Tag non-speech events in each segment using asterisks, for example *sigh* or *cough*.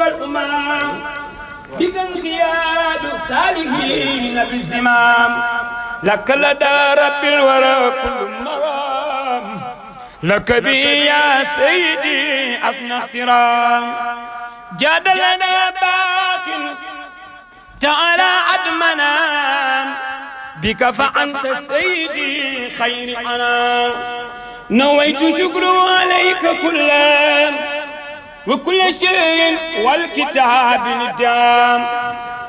والأمم بكنقياد الصالحين بالزمام لك لدى رب الورى كل مرام لك بي يا سيدي أصنع احترام جادلنا باق تعالى عدمنا بك فأنت سيدي خير أنا نويت شكر عليك كلا وكل شيء والكتاب ندام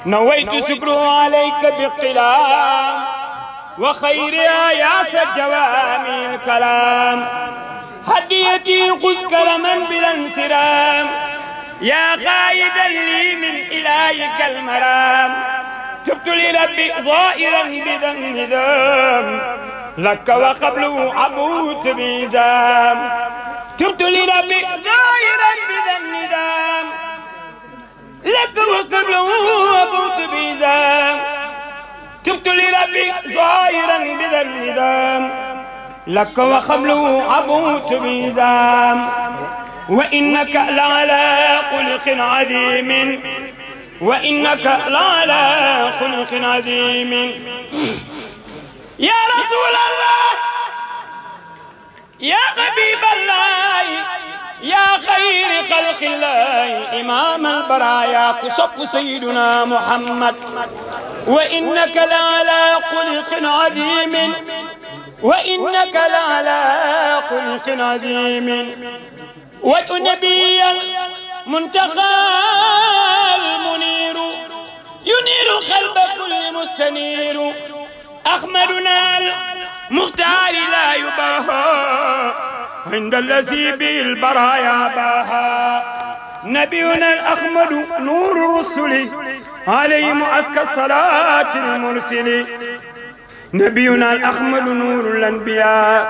نويت شكره عليك بقلام وخيرها يا سجوامي الكلام هديتي خذ كرما بلا انسرام يا خايدا لي من إلهك المرام تبت لربي ظائرا بذنب ذنب لك وقبله عبوت بذنب تبت لربي زائرا بذا الندام لك وقبله وقلت بذام تبت لربي زائرا بذا الندام لك وقبله عبوت بذام وإنك لعلى خلق عظيم وإنك لعلى خلق عظيم يا رسول الله يا حبيب الله يا خير خلق الله إمام البرايا كسب سيدنا محمد وإنك لعلى خلق عظيم وإنك لعلى خلق عظيم والنبي المنتقى المنير ينير قلب كل مستنير أحمدنا مختار لا يباهى عند الذي بالبرايا باها نبينا الأحمد نور الرسل عليهم أزكى الصلاة المرسل نبينا الأحمد نور الأنبياء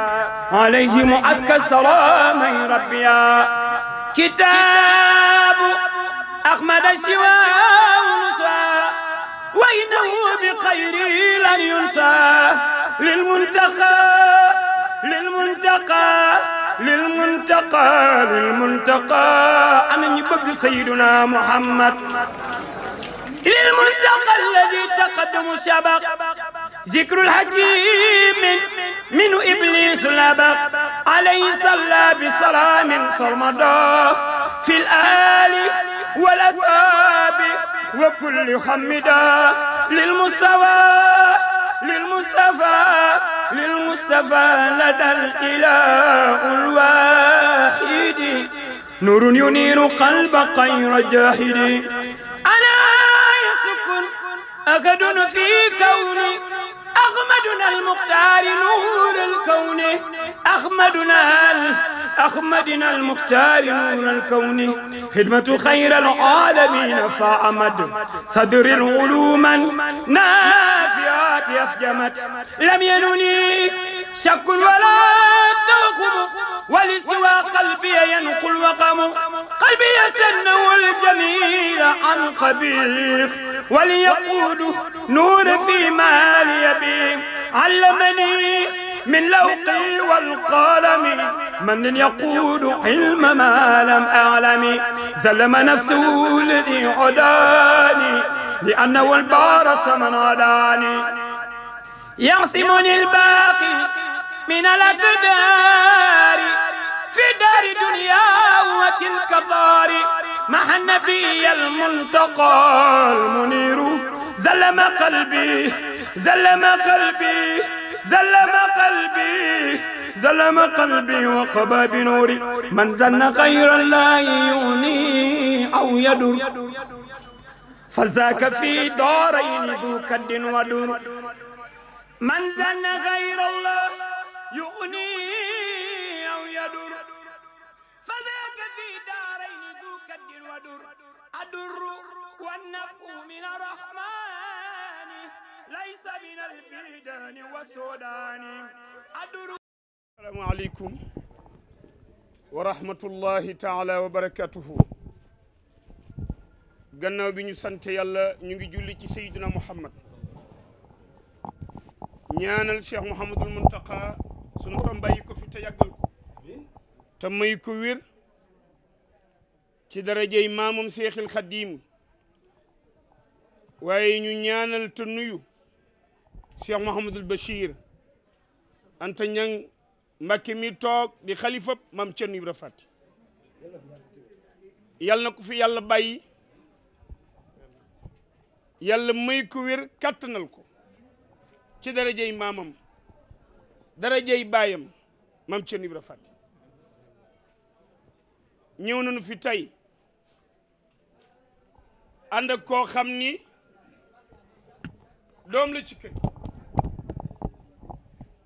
عليهم أزكى السلام ربيا كتاب أحمد سواه نسى وإنه بخير لن ينسى للمنتقى للمنتقى للمنتقى للمنتقى أنا نبغي سيدنا محمد للمنتقى الذي تقدم سبق ذكر الحكيم من إبليس لبق عليه صلى بسلام سرمدا في الآل والأساب وكل حمدا للمستوى للمصطفى للمصطفى لدى الإله الواحد نور ينير قلب غير جاحد ألا يسكن أكد في كوني أحمدنا المختار نور الكون أحمدنا أحمدنا المختار نور الكون خدمة خير العالمين فأمد صدر العلوم نار أسجمت لم ينني شك ولا توقم ولسوى قلبي ينقل وقم قلبي يسنه الجميل عن خبيث وليقود نور في مالي به علمني من لوقي والقلم من يقود علم ما لم أعلم زلم نفسه لذي عداني لأنه البارس من عداني يعصمني الباقي من الأقدار في دار دنيا وتلك دار مع النبي المنتقى المنير زلم قلبي زلم قلبي زلم قلبي زلم قلبي وقبى بنوري من زن غير الله يغني أو يدر فذاك في دارين ذو كد ودور من ظن غير الله يغني أو يدر فذاك في دارين ذو كد ودر أدر والنفع من الرحمن ليس من البلدان والسودان أدر السلام عليكم ورحمة الله تعالى وبركاته gannaaw bi ñu sant yàlla ñu ngi julli ci sayyidina Muhammad ñaanal Cheikh Mouhamadul Muntaqa sunu borom bàyyi ko fi te yàggal ko te may ko wér ci darajey maamam Seexil Xadiim waaye ñu ñaanal te nuyu Cheikh Mouhamadul Bachir anta ñang Mbàkke mi toog di xalifa mam Cerno Ibra Faty yàlla na ko fi yàlla bàyyi yàlla may ko wir kàttanal ko ci darajey maamam darajey baayam maam Cerno Ibra Faty ñëw nañu fi tey ànd ak koo xam ni doom la ci kër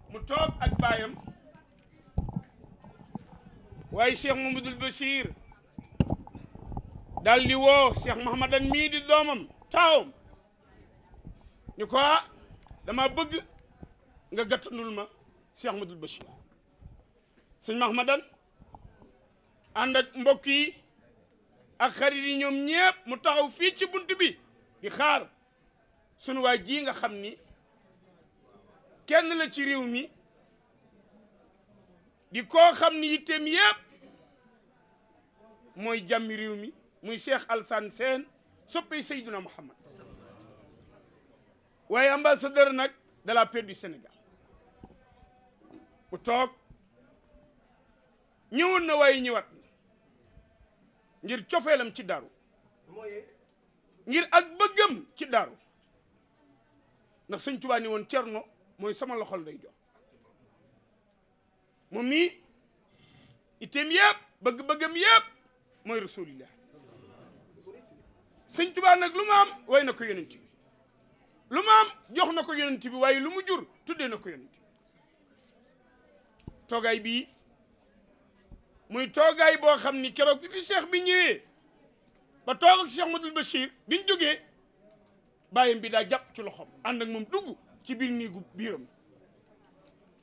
mu toog ak baayam waaye Cheikh Mamadou Bachir daal di woo Cheikh Mahamadan mii di doomam taawam ñu ko ah, dama bëgg nga gàttanul ma Cheikh Ahmadul Bachir sëñ Mahmadan ànd ak mbokk yi ak yi ñoom ñépp mu taxaw fii ci bunt bi di xaar sunu waa ji nga xam ni kenn la ci réew mi di koo xam ni yitteem yépp mooy jàmmi réew mi muy Cheikh Alassane Sène soppee Seydina Mouhamad waaye ambassadeur nag dala la du Sénégal bu toog ñëwoon na waaye ñëwaat na ngir cofeelam ci daaru ngir ak bëggam ci daaru ndax sëñ Tuubaa ni woon cerno mooy sama loxol day jox moom mii itam yëpp bëgg-bëggam yëpp mooy rasulillah sëñ Tuubaa nag lu ma am way na ko lu ma am jox na ko yonent bi waaye lu mu jur tuddee na ko yonent bi toogaay bi muy toogaay boo xam ni keroog bi fi seex bi ñëwee ba toog ak cheikh Madul Bachir biñ jógee bàyyam bi daa jàpp ci loxoom ànd ak moom dugg ci biir néegu biiram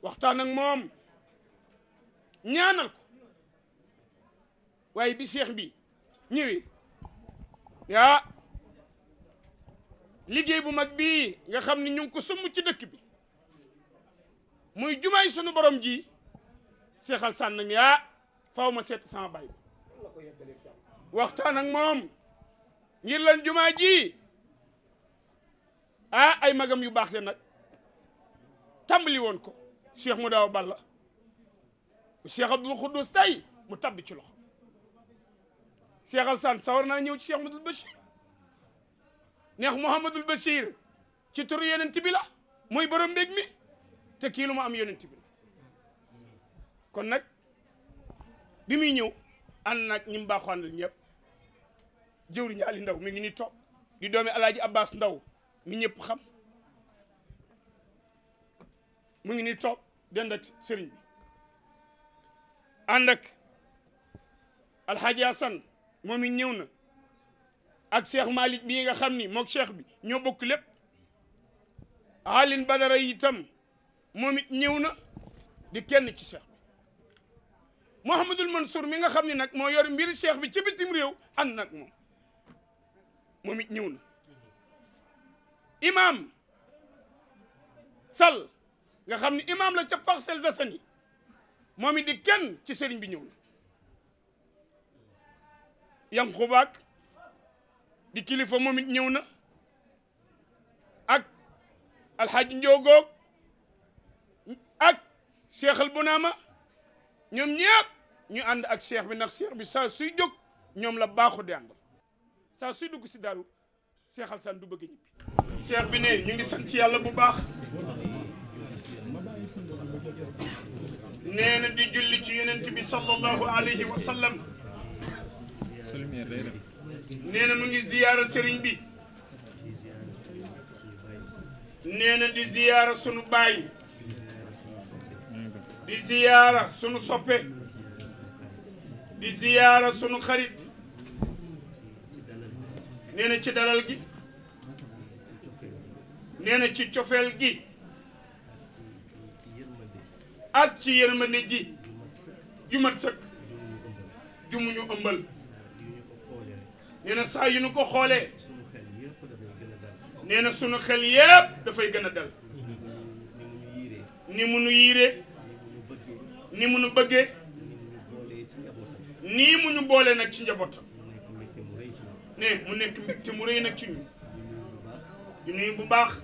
waxtaan ak moom ñaanal ko waaye bi cheikh bi ñëwee yaa liggéey bu mag bii nga xam ni ñu ngi ko sumb ci dëkk bi muy jumaay sunu borom ji seexal sànn ni ah faw ma seet sama baay waxtaan ak moom ngir lan jumaa ji a ah, ay magam yu baax de nag tàmbali woon ko cheikh mu daaw balla cheikh abdul xuddus tey mu tabbi ci loxo seexal sànn sawar naa ñëw ci cheikh mu dul bachir neex Mouhamadul Bachir ci turu yonent bi mooy borom mbég mi te kii lu ma am yonent bi kon nag bi muy ñëw ànd nag ñi mu baaxoon la ñëpp jëwriñ Ali Ndaw mi ngi ni toog di doomi Alaaji Abbas Ndaw mi ñëpp xam mu ngi ni toog dend ak sëriñ bi ànd ak Alxaaji Asan moom it ñëw na ak Cheikh Malick bii nga xam ni mook Cheikh bi ñoo bokk lépp Alioune Badara itam moom moomit ñëw na di kenn ci Cheikh bi Mouhamadul Mansour mi nga xam ni nag moo yor mbiri Cheikh bi ci bitim réew ànd nag moom moomit it ñëw na imam Sall nga xam ni imaam la ca Parcelles Assainies moom di kenn ci sëriñ bi ñëw na Yankuba ak di kilifa moom it ñëw na ak alxaaji njoogoog ak seexal ma ñoom ñëpp ñu ànd ak seex bi nax seex bi saa suy jóg ñoom la baaxu di àndal saa suy dugg si daaru seexal san du bëgg ñibbi seex bi ne ñu ngi sant yàlla bu baax nee na di julli ci yonent bi sallallahu alayhi wa nee na mu ngi ziyaara sëriñ bi nee na di ziyaara sunu baay di ziyaara sunu soppe di ziyaara sunu xarit nee na ci dalal gi nee ci cofeel gi ak ci yërmande ji ju mat sëkk ju ñu ëmbal nee na saa yu nu ko xoolee nee na sunu xel yépp dafay gën a dal ni mu nu yiiree ni mu nu bëggee nii mu ñu boolee nag ci njaboot ne mu nekk mbégte mu rëy nag ci ñun di nuyu bu baax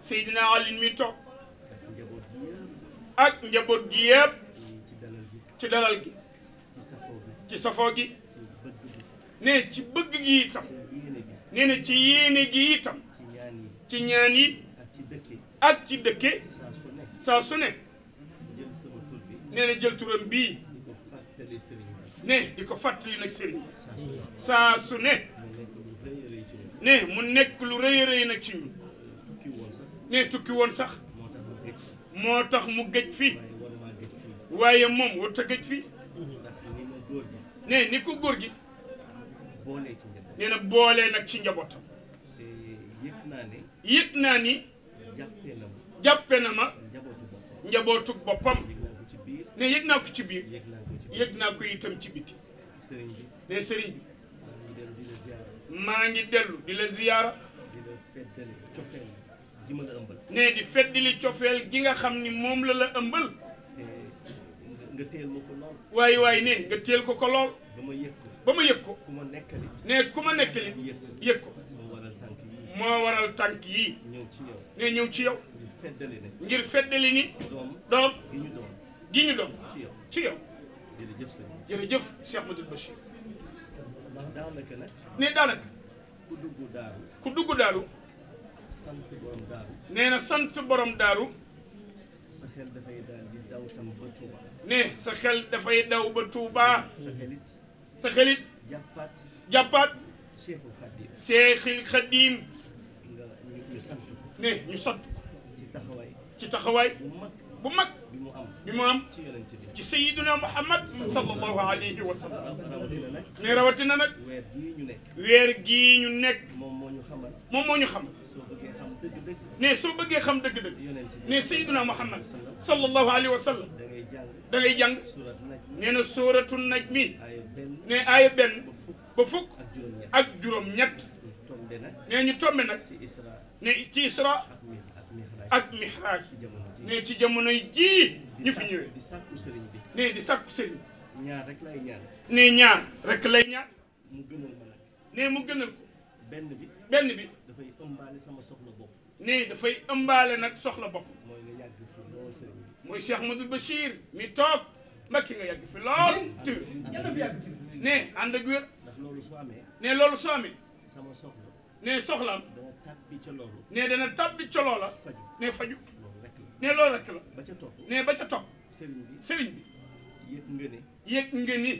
Seydina Alioune mi toog ak njaboot gi yépp ci dalal gi ci safoo gi ne ci bëgg gi itam nee na ci yéene gi itam ci ñaan yi ak ci dëkke saa su ne nee na jël turam bii ne di ko fàttali nag sëriñ saa su ne ne mu nekk lu rëy a rëy nag ci ñun ne tukki woon sax moo tax mu gëj fi waaye moom warut a gëj fi ne ni ko góor gi boolee ci njaboot nee na boolee nag ci njabootam. te naa ni. yég naa ni. jàppe na ma. jàppe na ma. njabootu boppam. njabootu boppam. ne yëg naa ko ci biir. yég naa ko itam ci biti. sëriñ ne sëriñ bi. maa ngi dellu di la ziyaara. di la feddali cofeel gi ma la ëmbal. ne di feddali cofeel gi nga xam ni moom la la ëmbal. nga teel ma ko lool. waaye waaye ne nga teel ko ko lool. ba ba ma yëg ko ne ku ma nekkali yëg ko moo waral tànk yi ne ñëw ci yow ngir feddali ni doom gi ci yow jërëjëf Cheikh ne daanaka ku dugg daaru nee na sant borom daaru sa xel dafay daal di daw tam sa xel dafay daw ba Touba sa xelit jàppaat jàppaat seexul xaddiim seexul xaddiim ñu sant ko ne ñu sant ko ci taxawaay ci taxawaay bu mag bu mag bi mu am bi mu am ci sayiduna muhammad sallallahu alayhi wa sallam ne rawatina nag weer gii ñu nekk weer gii ñu nekk moom moo ñu xamal moom moo ñu xamal ne soo bëggee xam dëgg-dëgg ne sayyiduna muhammad sallallahu alayhi wa sallam da ngay jàng nee na sóoratu naj mi ne aaya benn ba fukk ak juróom-ñett ne ñu tombe nag ne ci isra ak mihraaj ne ci jamono jii ñu fi ñëwee ne di sàkku sëriñ ne ñaar rek lay ñaan ne mu gënal ko benn bi benn bi dafay ëmbaale sama soxla bopp nee dafay ëmbaale nag soxla bopp mooy nga yàgg fi lool sëriñ bi mooy Cheikh Madou Bachir mi toog mbakki nga yàgg fi lool tu nee ànd ak wér ndax loolu soo amee nee loolu soo sama soxla nee soxlaam ca loolu nee dana tàbbi ca loola nee faju nee loolu rek la ba ca topp nee ba ca topp sëriñ bi sëriñ bi yëg nga ni yëg nga ni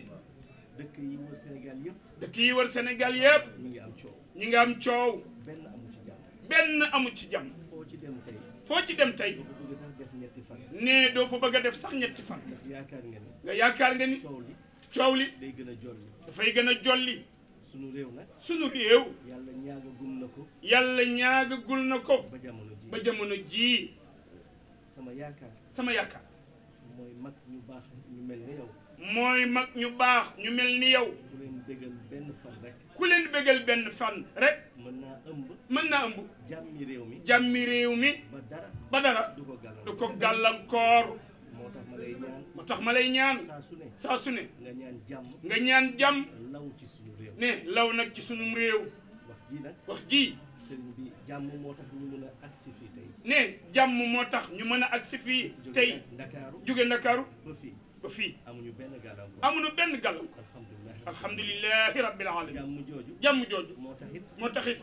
dëkk yi wër Sénégal yëpp dëkk yi wër Sénégal yëpp ngi am coow ñi nga am coow benn amu ci jàmm foo ci dem tey ne doo fa bëgg a def sax ñetti fan nga yaakaar nga ni coow li dafay gën a jolli suñu réew nag sunu réew yàlla ñaagagul na ko yàlla ñaagagul na ko ba jamono jii sama yaakaar sama yaakaar mooy mag ñu baax ñu mel ni yow mooy mag ñu baax ñu mel ni yow bu leen ku leen bëggal benn fan rek mën naa ëmb mën naa ëmb jàmmi réew mi jàmmi réew mi ba dara ba dara du ko gàllankoor moo tax ma lay ñaan tax ma lay saa su ne saa su nga ñaan jàmm nga ñaan jàmm law ci suñu ne law nag ci suñu réew wax ji nag bi jàmm moo tax ñu a agsi ne jàmm moo tax ñu mën a agsi fii tey ndakaaru jóge ndakaaru ba fii ba fii amuñu benn gàllankoor amuñu benn gàllankoor alhamdulilahi rabbil alamin jàmm jooju jàmm jooju moo taxit moo taxit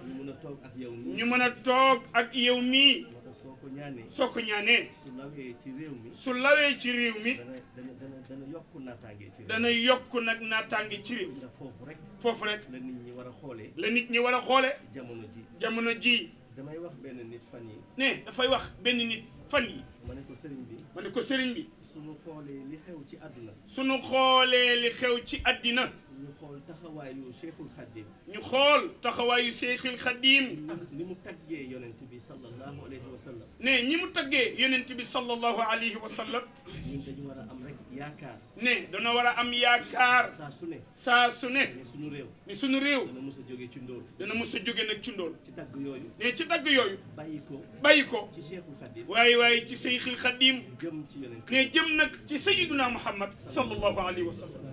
ñu mën a toog ak yow mii ñu mën a toog ak yow mii soo ko ñaanee soo ko ñaanee su lawee ci réew mi su lawee ci réew mi dana dana dana yokk naataange ci réew dana yokk nag naataange ci réew ndax foofu rek foofu rek la nit ñi war a xoolee la nit ñi war a xoolee jamono ji jamono ji damay wax benn nit fan yi ne dafay wax benn nit fan yi ma ne ko sëriñ bi ma ne ko sëriñ bi su suñu xoolee li xew ci àdduna. suñu xoolee li xew ci àddina. ñu xool taxawaayu Cheikhul Khadim. ñu xool taxawaayu Cheikhul Khadim. ak nu mu taggee yonent bi sallallahu alayhi wa sallam. ne ñi mu taggee yonent bi sallallahu alayhi wa sallam. ñun dañu war a am. yaakaar ne dañoo war a am yaakaar. saa su ne saa su ne. ni sunu réew ni sunu réew. dana mos a jóge ci ndóol. dana mos a jóge nag ci ndóol. ci dagg yooyu. ne ci dagg yooyu. bàyyi ko bàyyi ko. ci Cheikhul Khadim. waaye waaye ci Seyxul Khadim. jëm ci yeneen ne jëm nag ci Sayyiduna Muhammad. sallallahu alayhi wa sallam.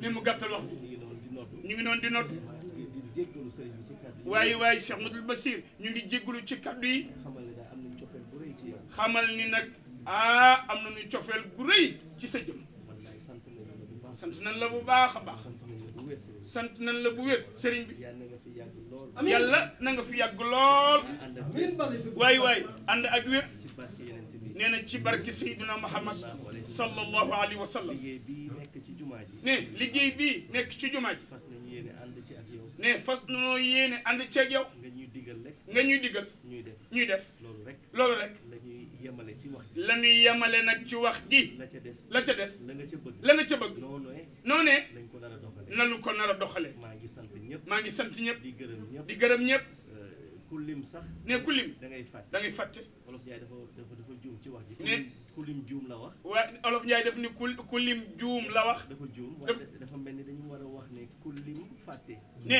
ne mu gàttal wax bi. ñu ngi doon di noot. waaye waaye Cheikh Madul Basir ñu ngi jégalu ci kaddu yi. xamal ni nag ah am nañu cofeel gu rëy. ci sa jëm sant nañ la bu baax a baax sant nañ la bu wér sëriñ bi yàlla na nga fi yàgg lool waaye waaye ànd ak wér nee na ci barke Seydina Muhammad sallallahu alayhi wa sallam ne liggéey bi nekk ci jumaa ji ne fas nañoo yéene ànd ci ak yow nga ñuy digal ñuy def loolu rek yemale ci wax ji la ñuy yemale nag ci wax gi la ca des la ca des la nga ca bëgg la nga ca bëgg noo ne lañ ko nar a doxale lañu ko nar a doxale maa ngi sant ñëpp maa ngi sant ñëpp di gërëm ñëpp di gërëm ñëpp euh, ku lim sax ne ku lim da ngay fàtte da ngay fàtte wolof jaay dafa dafa dafa juum ci wax ji ne ku juum la wax. waaye olof Ndiaye def ni ku lim juum la wax. dafa juum waaye dafa mel ni dañu war a wax ne ku lim fàtte. ne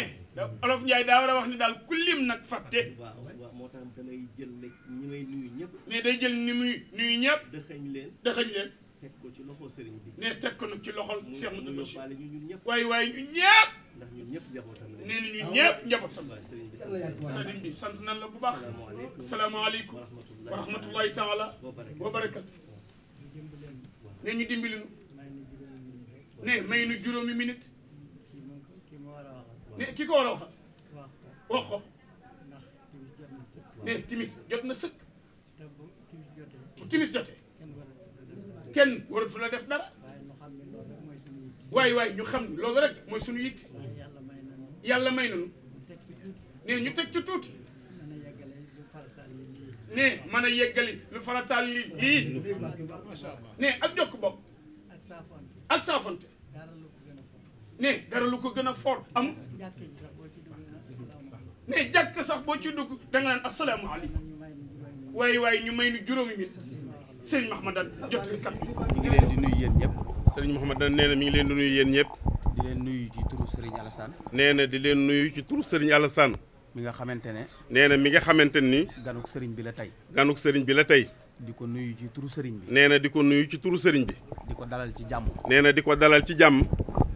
olof Ndiaye daa war a wax ne daal ku nag fàtte. waaw moo tax danay jël nag ñi may nuyu ñëpp. ne day jël ni muy nuyu ñëpp. dëxëñ leen dëxëñ leen. teg ko ci loxo sëriñ bi. ne teg ko nag ci loxol. Cheikh Moussa Bachir mu ñu ñun ñëpp. waaye waaye ñun ñëpp. ndax ñun ñëpp njabootam la. nee na la. sëriñ bi sant nañ la bu baax. salaamaaleykum wa rahmatullahi taala wa ne ñu dimbali nu ne may nu juróomi minute ne ki ko war a waxal wax ko ne timis jot na sëkk bu timis jotee kenn waratu la def dara waaye waaye ñu xam ne loolu rek mooy suñu yitte yàlla may nañu ne ñu teg ci tuuti ne mën a yeggali lu farataal li lii ne ak jokk bopp ak saafonte ne dara lu ko gën a fort amul ne jàkk sax boo ci dugg da nga naan asalaamaaleykum waaye waaye ñu may nu juróomi mi sëriñ Mahamadan jot ci kat mi ngi leen di nuyu yéen ñëpp sëriñ Mahamadan nee mi ngi leen di nuyu yéen ñëpp di leen nuyu ci turu sëriñ Alassane nee di leen nuyu ci turu sëriñ Alassane mi nga xamante ne. nee na mi nga xamante ni. ganuk sëriñ bi la tey. ganuk sëriñ bi la tey. di ko nuyu ci turu sëriñ bi. nee na di ko nuyu ci turu sëriñ bi. di ko dalal ci jàmm. nee na di ko dalal ci jàmm.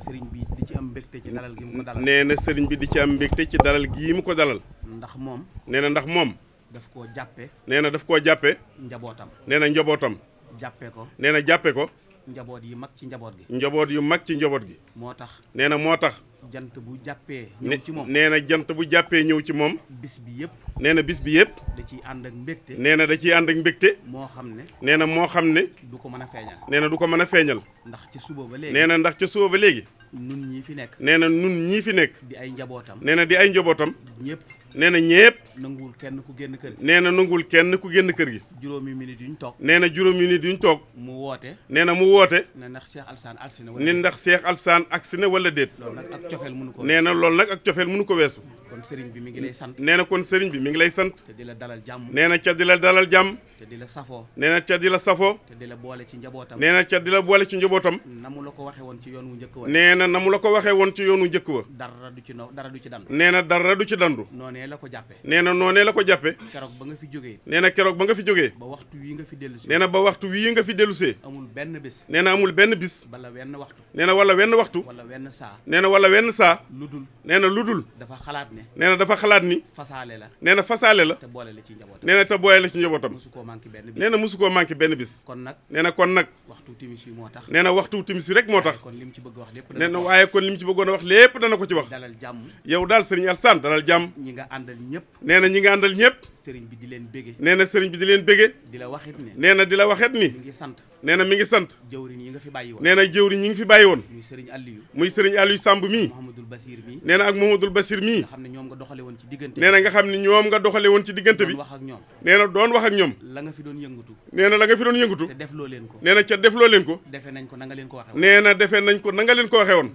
sëriñ bi di ci am mbégte ci dalal gi mu ko nee na sëriñ bi di ci am mbégte ci dalal gii mu ko dalal. ndax moom. nee na ndax moom. daf koo jàppe nee na daf koo jàppe njabootam. nee na njabootam. jàppe ko. nee na jàppe ko. njaboot yi mag ci njaboot gi. njaboot yu mag ci njaboot gi. moo tax. nee na moo tax. jant bu jàppee. ñëw ci moom nee na jant bu jàppee ñëw ci moom. bis bi yëpp. nee na bis bi yëpp. da ciy ànd ak mbégte. nee na da ciy ànd ak mbégte. moo xam ne. nee na moo xam ne. du ko mën a feeñal. nee na du ko mën a feeñal. ndax ci suba ba léegi. nee na ndax ca suba ba léegi. nun ñii fi nekk. nee na nun ñii fi nekk. di ay njabootam. nee na di ay njabootam. ñëpp. nee na nanguwul kenn ku génn kër gi. nee na nanguwul kenn ku génn kër gi. juróomi minute yu ñu toog. nee na juróomi minute yu ñu toog. mu woote. nee na mu woote. ne ndax Cheikh Alassane agsi na wala déet. ne ndax Cheikh Alassane agsi na wala déet. loolu nag ak cofeel mënu ko. nee na loolu nag ak cofeel mënu ko weesu. kon sëriñ bi mi ngi lay sant. nee na kon sëriñ bi mi ngi lay sant. te di la dalal jàmm. nee na ca di la la safoo. nee di la boole ci njabootam. nee na di la boole ci njabootam. na mu la ko waxee woon ci yoon wu njëkk wa. nee na la ko waxee woon ci yoon wu njëkk wa. dara du ci no dara du ci la ko jàppee. nee na noonee la ko jàppee. keroog ba nga fi jógee. nee na keroog ba nga fi jógee. ba waxtu wii nga fi dellusee. nee na ba waxtu wii nga fi dellusee. amul benn bis. nee na amul benn bis. wala wenn waxtu. nee na wala wenn waxtu. wala wenn saa. nee na wala wenn saa. ludul nee na ludul. dafa xalaat ne. nee na dafa xalaat ni. fasaale la nee na fasaale la. te boole la ci njabootam nee na te boole la ci njabootam. musu koo manqué benn bis nee na musu koo manqué bis. kon nag nee na kon nag. waxtu timis yi moo tax. nee na waxtu timis rek moo tax. kon lim ci bëgg wax lépp dana nee na waaye kon lim ci bëggoon wax lépp dana ko ci wax. dalal jàmm yow daal sëriñ Alsaan dalal jàmm. ñi nga àndal ñëpp. nee na ñi nga àndal ñëpp. sëriñ bi di leen bége. nee na sëriñ bi di leen bége. di la waxit ne ni. mi ngi sant nee na sant. muy sëriñ Aliou. muy mii. Mouhamadul ak Mouhamadul Basir mii. nga xam ne ñoom nga doxale woon ci diggante bi. nee nga xam ne ñoom nga doxale woon ci diggante bi. doon doon wax ñoom.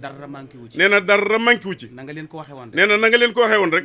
la dara manqué wu ci. nee leen ko waxe woon rek.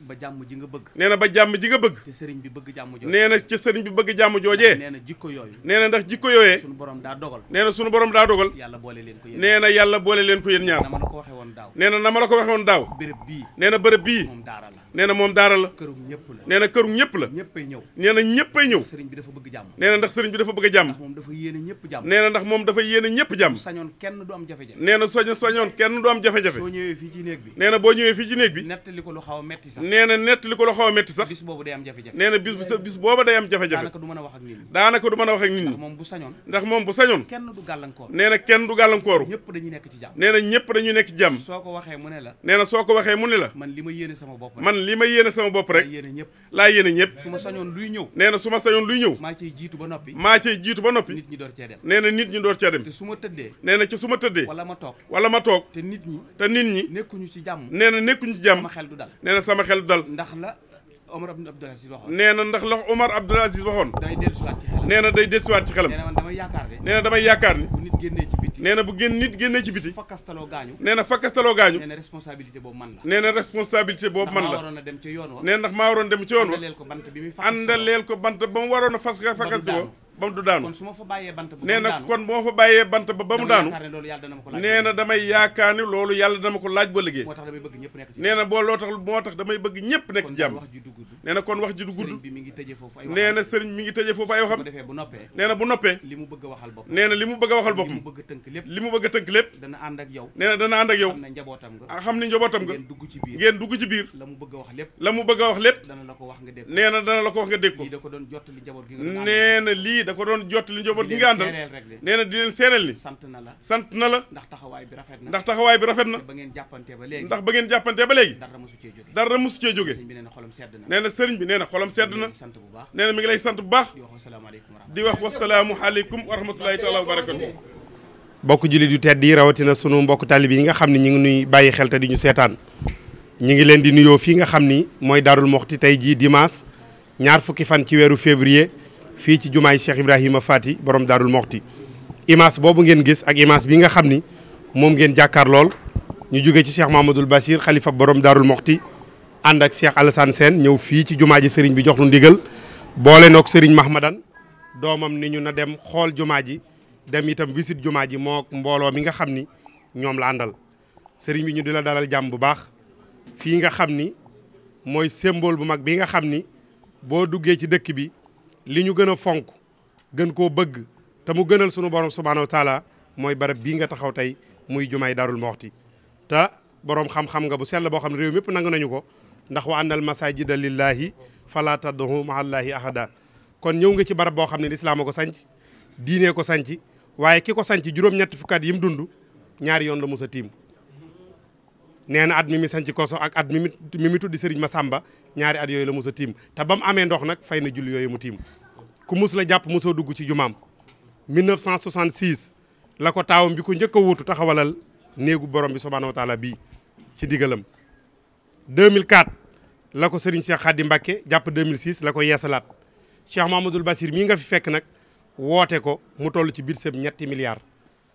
ba jàmm ji nga bëgg nee na ba jàmm ji nga bëgg te bi bëgg jàmm jooje nee na ca sëriñ bi bëgg jàmm joojee nee na jikko yooyu nee na ndax jikko yooyee sunu borom daa dogal nee na sunu borom daa dogal yàlla boole leen ko yéen nee na yàlla boole leen ko yéen ñaar nee na na ma la ko waxe woon daaw nee na na ma la ko waxe bërëb bii nee na moom daara la ñëpp la nee na këru ñëpp la ñëppay ñëw nee na ñëppay ñëw sëriñ bi dafa bëgg jàmm nee na ndax sëriñ bi dafa a jàmm moom dafa yéene ñëpp jàmm nee na ndax moom dafa yéene sañoon kenn du am jafe-jafe nee na sañoon kenn du am jafe fii ci néeg bi nee na boo ñëwee fii ci néeg bi nettali ko lu xaw a metti sax a metti sax bis boobu day am jafe-jafe a wax ak a wax ak nit ñi moom bu sañoon ndax moom bu sañoon kenn du gàllankoor nee na kenn du gàllankooru ñëpp dañuy nekk ci jàmm nee na ñëpp dañuy nekk ci jàmm soo ko waxee mu ne la nee soo ko waxee mu ne la li ma yéene sama bopp man li ma yéene sama bopp rek laa yéene ñëpp su ma sañoon luy ñëw nee su ma sañoon luy ñëw maa cay jiitu ba noppi maa cay jiitu ba noppi nit nit ñi door cee dem te su ma tëddee nee na ci su ma tëddee wala nekkuñu ci jàmm nee na nekkuñu ci sama xel du dal nee na sama xel du dal ndax la Omar Abdoul Aziz waxoon nee na la Omar Abdoul Aziz waxoon day dellusiwaat ci xelam ci xelam nee damay yaakaar ne nee na damay yaakaar ni nee na bu génn nit génnee ci biti. fakkastaloo gaañu. nee na fakkastaloo gaañu. nee na responsabilité boobu man la. nee na responsabilité boobu man la. ndax maa waroon a dem ci yoon wa. nee na ndax maa waroon dem ci yoon ko a fas ba mu du daanu kon su ma fa bàyyee bant ba nee na kon boo fa bàyyee bant ba ba mu daanu nee na damay yaakaar ne loolu yàlla dama ko laaj ba liggéey nee na boo loo tax moo tax damay bëgg ñépp nekk jàmm nee na kon wax ji du a waxal boppam nee na li mu bëgg a waxal boppam li mu bëgg a tënk lépp dana ànd ak yow nee na dana ànd ak yow ah, ci biir la mu bëgg a wax lépp la a wax lépp nee na dana la ko wax nga dégg ko nee lii da ko doon jot li njaboot gi nga àndal nee na di leen seereel ni sant na la sant na la ndax taxawaay bi rafet na ndax taxawaay bi rafet na ba ngeen jàppante ba léegi ndax ba ngeen jàppante ba léegi dara mosu cee jóge dara mosu cee jóge nee na sëriñ bi nee na sedd na nee na mi ngi lay sant bu baax di wax wasalaamu aleykum wa rahmatullahi taala wa barakatu mbokk jullit yu tedd yi rawatina sunu mbokk talib yi nga xam ne ñu ngi nuy bàyyi xel te di ñu seetaan ñu ngi leen di nuyoo fii nga xam ni mooy Darou Mouhty tey jii dimanche ñaar fukki fan ci weeru février fii ci jumaay Cheikh Ibrahima Fati borom daarul moxti image boobu ngeen gis ak image bi nga xam ni moom ngeen jàkkaar lool ñu jóge ci Cheikh Mahamadoul Basir xalifa borom daarul moxti ànd ak Cheikh Alassane Sène ñëw fii ci jumaa ji sëriñ bi jox nu ndigal boole noog sëriñ Mahmadan doomam ni ñu na dem xool jumaa ji dem itam visite jumaa ji mook mbooloo mi nga xam ni ñoom la àndal sëriñ bi ñu di la dalal jàmm bu baax fii nga xam ni mooy symbole bu mag bi nga xam ni boo duggee ci dëkk bi li ñu gën a fonk gën koo bëgg te mu gënal sunu borom subhaanahu wa mooy barab bii nga taxaw tey muy jumaay daarul moxti ta borom xam-xam nga bu sell boo xam ne réew mépp nangu nañu ko ndax wa annal masajida lillahi fala tad'u ma'allahi ahada kon ñëw nga ci barab boo xam ne lislaam a ko sanc diine ko sanc waaye ki ko sanc juróom-ñetti fukkaat yi mu dund ñaari yoon la musa tiim nee na at mi mi sanc koso ak at mi mi mi tuddi ma Massamba ñaari at yooyu la mos a tiim te ba mu amee ndox nag fay na julli yooyu mu tiim ku mus la jàpp mosoo dugg ci jumaam 1966 la ko taawam bi ko njëkk a taxawalal néegu borom bi subhaanahu wa taala bii ci ndigalam 2004 la ko Serigne Cheikh Khady Mbacké jàpp 2006 la ko yeesalaat Cheikh Mahamadoul Basir mii nga fi fekk nag woote ko mu toll ci biir sëb ñetti milliards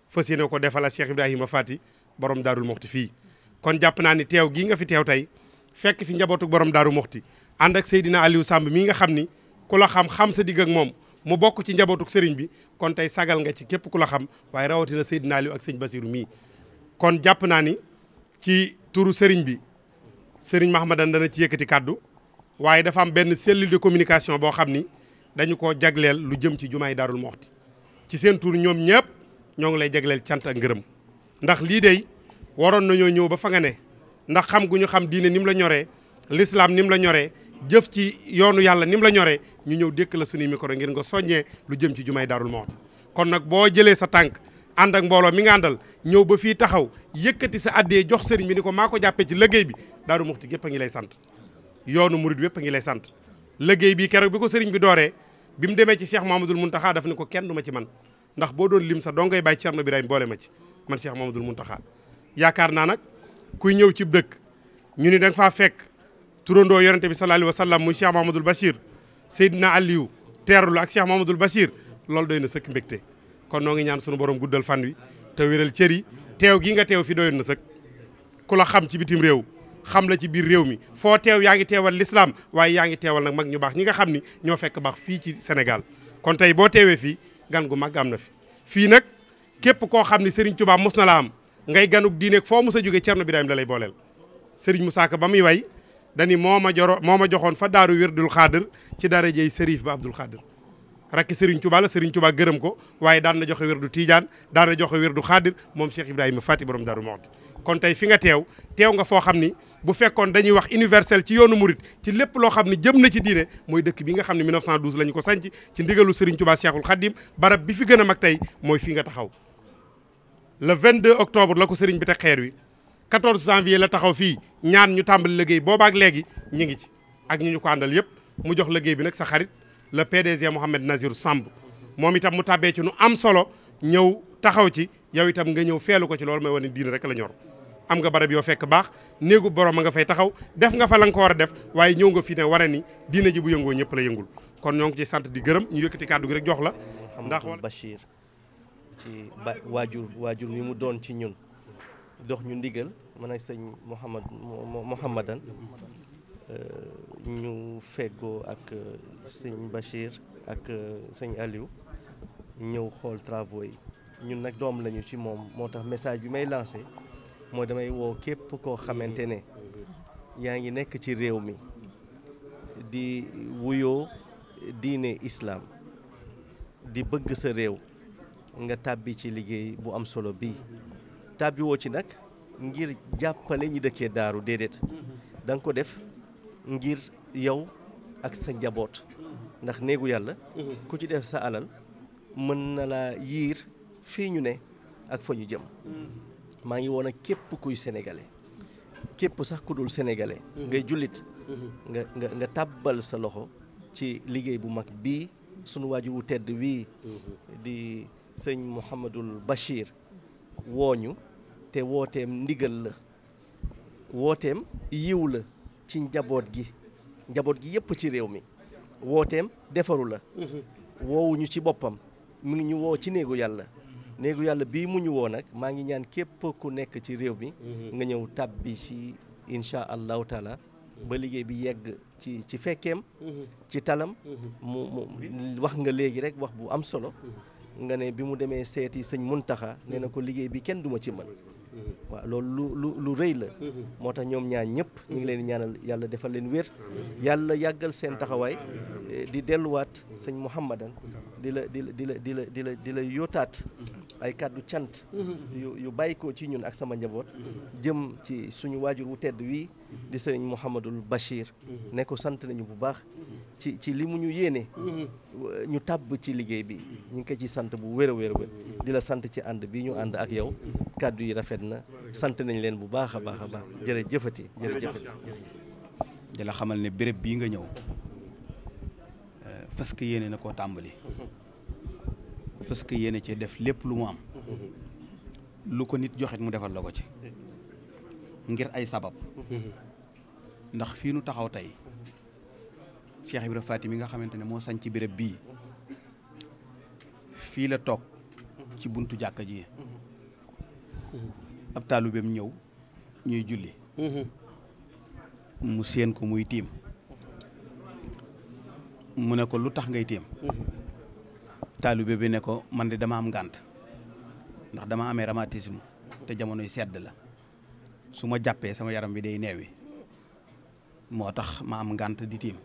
fas yéene ko defala Cheikh Ibrahima Fati borom daarul moxti fii kon jàpp naa ni teew gii nga fi teew tey fekk fi njabootu borom daaru moxti ànd ak Seydina Aliou Samb mii nga xam ni ku la xam xam sa digg ak moom mu bokk ci njabootuk sëriñ bi kon tey sagal nga ci képp ku la xam waaye rawatina Seydina Aliou ak sëñ Basiru mii kon jàpp naa ni ci turu sëriñ bi sëriñ Mahamadan dana ci yëkkati kàddu waaye dafa am benn cellule de communication boo xam ni dañu koo jagleel lu jëm ci jumaay daarul moxti ci seen tur ñoom ñëpp ñoo ngi lay jagleel cant ak ndax lii dey waroon nañoo ñëw ba fa nga ne ndax xam gu ñu xam diine ni mu la ñoree lislaam ni mu la ñoree jëf ci yoonu yàlla ni mu la ñoree ñu ñëw dékk la suñuy micro ngir nga soññee lu jëm ci jumaay Daarul Muxti kon nag boo jëlee sa tànk ànd ak mbooloo mi nga àndal ñëw ba fii taxaw yëkkati sa addee jox sëriñ bi ni ko maa ko jàppee ci liggéey bi Daaru Muxti gépp a ngi lay sant yoonu murid wépp a ngi lay sant liggéey bi keroog bi ko sëriñ bi dooree bi mu demee ci Cheikh Mamadul Muntaxa daf ne ko kenn du ma ci man ndax boo doon lim sa dongay bàyyi Cerno Birahim boole ma ci man Cheikh Mamadul Muntaxa yaakaar naa nag kuy ñëw ci dëkk ñu ni da nga faa fekk turandoo yonente bi sallallahu alayhi wa sallam muy Cheikh na Bachir Seydina Aliou teerlu ak Cheikh Mahamadul Bachir loolu doy na sëkk mbégte kon noo ngi ñaan sunu borom guddal fan wi te wéral cër yi teew gi nga teew fi doyoon na sëkk ku la xam ci bitim réew xam la ci biir réew mi foo teew yaa ngi teewal l'islam waaye yaa ngi teewal nag mag ñu baax ñi nga xam ni ñoo fekk baax fii ci Sénégal kon tey boo teewee fii gan gu mag am na fi fii nag képp koo xam ni Serigne Touba mos na am ngay ganuk diineeg foo mos a jóge Cerno Birahim la lay booleel Serigne Moussa Ka ba muy way dani moo a joro moo ma joxoon fa daaru wirdul xaadir ci daara jëy Serif ba Abdul Xaadir rakki Serigne Touba la Serigne Touba gërëm ko waaye daan na joxe wirdu Tidiane daan na joxe wirdu xaadir moom Cheikh Ibrahima Fati borom Daaru Muxti kon tey fi nga teew teew nga foo xam ni bu fekkoon dañuy wax universel ci yoonu murit ci lépp loo xam ne jëm na ci diine mooy dëkk bi nga xam ne 1912 la ñu ko sanc ci ndigalu Serigne Touba Cheikhul Khadim barab bi fi gën a mag tey mooy fi nga taxaw le deux octobre la ko sëriñ bi teg xeer wi 14 janvier la taxaw fii ñaan ñu tàmbali liggéey boobaak léegi ñu ngi ci ak ñu ñu ko àndal yëpp mu jox liggéey bi nag sa xarit le PDG Mouhamed Nazir Samb moom itam mu tàbbee ci nu am solo ñëw taxaw ci yaw itam nga ñëw feelu ko ci loolu mooy wane diin rek la ñor am nga barab yoo fekk baax néegu borom a nga fay taxaw def nga fa la nga war a def waaye ñëw fii ne ni diina ji bu yëngoo ñëpp la yëngul kon ñoo ngi ci sant di gërëm ñu yëkkati kàddu gi rek jox la ndax Bachir ci ba waajur waajur wi mu doon ci ñun dox ñu ndigal man ak sëñ Mouhamad Mouhamadan euh, ñu feggoo ak euh, sëñ Bachir ak euh, sëñ Aliou ñëw xool travaux yi ñun nag doom lañu ci moom moo tax message bi may lancé mooy damay woo képp koo xamante ne yaa ngi nekk ci réew mi di wuyoo diine islaam di bëgg sa réew nga tàbbi ci liggéey bu am solo bi tàbbi ci nag ngir jàppale ñi dëkkee daaru déedéet danga ko def ngir yow ak sa njaboot ndax néegu yàlla ku ci def sa alal mën na laa yiir fii ñu ne ak fa ñu jëm maa ngi woon a képp kuy sénégalais képp sax ku dul sénégalais ngay jullit nga nga nga tàbbal sa loxo ci liggéey bu mag bii sunu waajur wu tedd wii di sëñ Mouhamadul Bachir wooñu te wooteem ndigal la wooteem yiw la ci njaboot gi njaboot gi yëpp ci réew mi wooteem defaru la woowuñu ci boppam mu ngi ñu woo ci néegu yàlla néegu yàlla bii mu ñu woo nag maa ngi ñaan képp ku nekk ci réew mi nga ñëw tàbbi ci incha allahu taala ba liggéey bi yegg ci ci fekkeem ci talam mhm. mu mu wax nga léegi rek wax bu am solo nga ne bi mu demee seeti sëñ Muntaxa nee na ko liggéey bi kenn duma ci man waaw loolu lu lu lu rëy la moo tax ñoom ñaar ñëpp ñu ngi leen ñaanal yàlla defal leen wér yàlla yàggal seen taxawaay eh, di delluwaat sëñ Muhammadan di la di di la di la di la di la yóotaat ay kàddu cant yu yu bàyyikoo ci ñun ak sama njaboot jëm ci suñu waajur wu tedd wii di sëriñ Mouhamadul Bachir ne ko sant nañu bu baax ci ci li mu ñu yéene ñu tàbb ci liggéey bi ñu ngi ko ci sant bu wér a wéer di la sant ci ànd bi ñu ànd ak yow kàddu yi rafet na sant nañ leen bu baax a baax a baax jërëjëfati jëfati di la xamal ne béréb bii nga ñëw euh, fas yéene na koo tàmbali parce que yéene cee def lépp lu mu am lu ko nit joxit mu defal la ko ci ngir ay sabab ndax fii nu taxaw tey Cheikh Ibra Faty mi nga xamante ne moo sañ ci béréb bii fii la toog ci buntu jàkka ji ab bem ñëw ñuy julli mu séen ko muy tiim mu ne ko lu tax ngay tiim taalibe bi ne ko man de dama am ngànt ndax dama amee rhumatisme te jamonoy sedd la su ma jàppee sama yaram wi day neewi moo tax ma am ngànt di tiim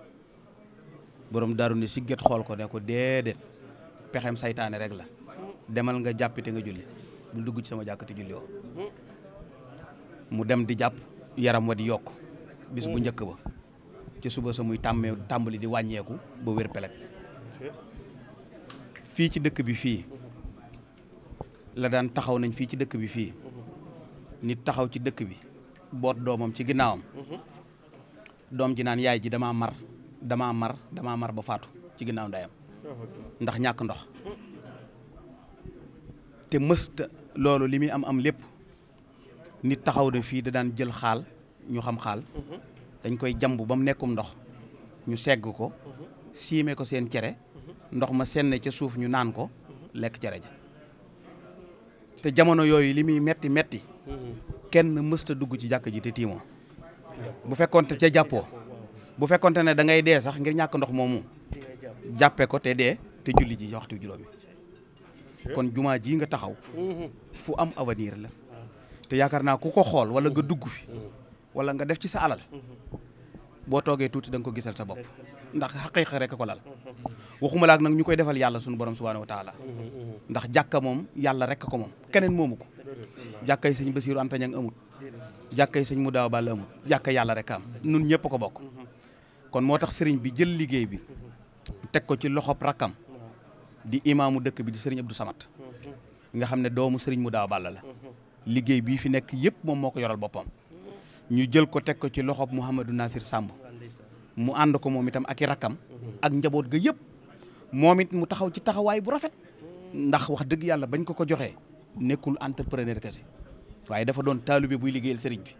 boroom daru ne sigget xool ko ne ko déedéet pexem saytaane rek la demal nga jàppite nga julli bul dugg ci sama jàkkati julli woo mu dem di jàpp yaram wa di yokk bis bu njëkk ba ci suba sa muy tàmmee tàmbali di wàññeeku ba wér peleg fii ci dëkk bi fii la daan taxaw nañ fii ci dëkk bi fii nit taxaw ci dëkk bi boot doomam ci ginnaawam doom ji naan yaay ji damaa mar dama mar damaa mar ba faatu ci ginnaaw ndeyam ndax ñàkk ndox te mësta loolu li muy am am lépp nit taxaw na fii da daan jël xaal ñu xam xaal dañ koy jambu ba mu nekkum ndox ñu segg ko siime ko seen cere ndox ma seen na ca suuf ñu naan ko lekk cere ja te jamono yooyu li muy metti metti kenn mësta dugg ci jàkk ji te tiimoo bu fekkonte ca jàppoo bu fekkonte ne da ngay dee sax ngir ñàkk ndox moomu jàppe ko te dee te julli ji waxtu juróomi kon jumaa ji nga taxaw fu am avenir la te yaakaar naa ku ko xool wala nga dugg fi wala nga def ci sa alal boo toogee tuuti da nga ko gisal sa bopp ndax xaqiqa rek ko lal waxuma laak nag ñu koy defal yàlla suñu borom subhanahu wa taala ndax jàkka moom yàlla rekk ko moom keneen moomu ko jàkkay sëñ Basiiru Anta Ñaŋ amut jàkkay sëñ Mudaa Bàll amut jàkka yàlla rek am nun ñëpp ko bokk kon moo tax sëriñ bi jël liggéey bi teg ko ci loxob rakkam di imaamu dëkk bi di sëriñ Abdou Samad nga xam ne doomu sëriñ Mudaa Bàll la liggéey bi fi nekk yëpp moom moo ko yoral boppam ñu jël ko teg ko ci loxob Mouhamadou Nasir Samb mu ànd ko moom itam ak i rakkam ak njaboot ga yëpp moom it mu taxaw ci taxawaay bu rafet ndax wax dëgg yàlla bañ ko ko joxee nekkul entrepreneur kese waaye dafa doon taalibe buy liggéeyal sëriñ bi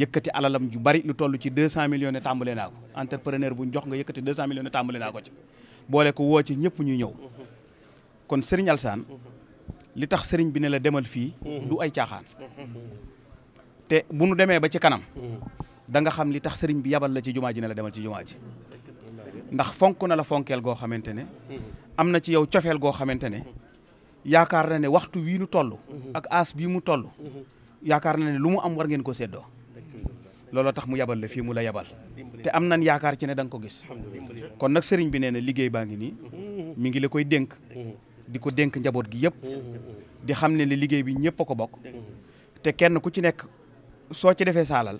yëkkati alalam ju bari lu toll ci deux cent million ne tàmbale naa ko entrepreneur buñ jox nga yëkkati deux cent millions ne tàmbale ci boole ko woo ci ñëpp ñu ñëw kon sëriñ Alsaan li tax sëriñ bi ne la demal fii du ay caaxaan te bu nu demee ba ci kanam danga xam li tax sëriñ bi yabal la ci jumaa ji ne la demal ci jumaa ndax fonk na la fonkeel goo xamante ne am na ci yow cofeel goo xamante ne yaakaar na ne waxtu wii nu toll ak aas bii mu toll yaakaar na ne lu mu am war ngeen ko seddoo looloo tax mu yabal la fii mu la yabal te am nan yaakaar ci ne danga ko gis kon nag sëriñ bi nee na liggéey baa ngi nii mi ngi la koy dénk di ko dénk njaboot gi yëpp di xam ne ne liggéey bi ñëpp a ko bokk te kenn ku ci nekk soo ci defee saalal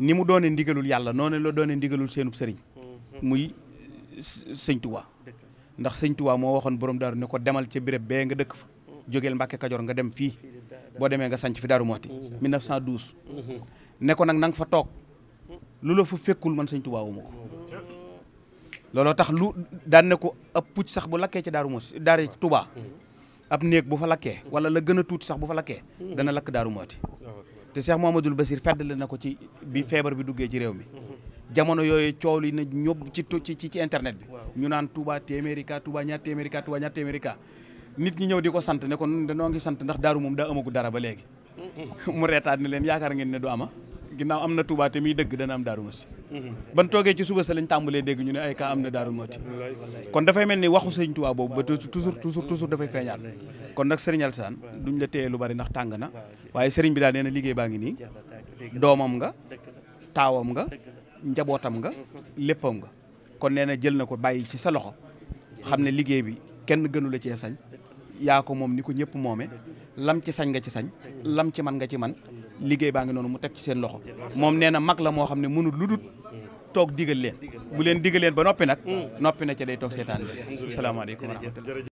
ni mu doone ndigalul yàlla noone la doone ndigalul seenub sëriñ mm-hmm. muy sëñ Tuubaa ndax sëñ Tuubaa moo waxoon borom daaru ne ko demal ca béréb bee nga dëkk fa mm-hmm. jógeel Mbàkke Kajoor nga dem fii boo demee nga sanc fi Daaru Muxti 1912 mm-hmm. ne ko nag na nga fa toog lu la fa fekkul man sëñ Tuubaa wuma ko looloo tax lu daan ne ko ab pucc sax bu lakkee ci Daaru Muxti ci tubaa ab néeg bu fa lakkee wala la gën a tuuti sax bu fa lakkee dana lakk Daaru Muxti ah, te Cheikh Mouhamadoul Bassir feddale na ko ci bi feebar bi duggee ci réew mi jamono yooyu coow li na ñob ci ci ci internet bi ñu naan Touba téeméeri ka Touba ñaar téeméeri ka nit ñi ñëw di ko sant ne ko danoo ngi sant ndax daaru moom daa amagu dara ba léegi *laughs* mu reetaat ni leen yaakaar ngeen ne du ama ginna am na Touba te muy dëgg dana am daaru mos ban toogee ci suba sa lañ tàmbalee dégg ñu ne ay cas am na Daaru Muxti kon dafay mel ni waxu sëñ Tuubaa boobu ba toujours toujours toujours dafay feeñaat kon nag sëriñal Alsaan duñ la téye lu bari ndax tàng na waaye sëriñ bi daal nee liggéey baa ngi nii doomam nga taawam nga njabootam nga léppam nga kon nee na jël na ko bàyyi ci sa loxo xam ne liggéey bi kenn gënu la cee sañ yaa ko moom ni ko ñëpp moome lam ci sañ nga ci sañ lam ci man nga ci man liggéey baa ngi noonu mu teg ci seen loxo moom nee na mag la moo xam ne mënul lu dul toog digal leen bu leen digal leen ba noppi nag mm. noppi na ca day toog seetaan leen asalaamaaleykum wa rahmatulah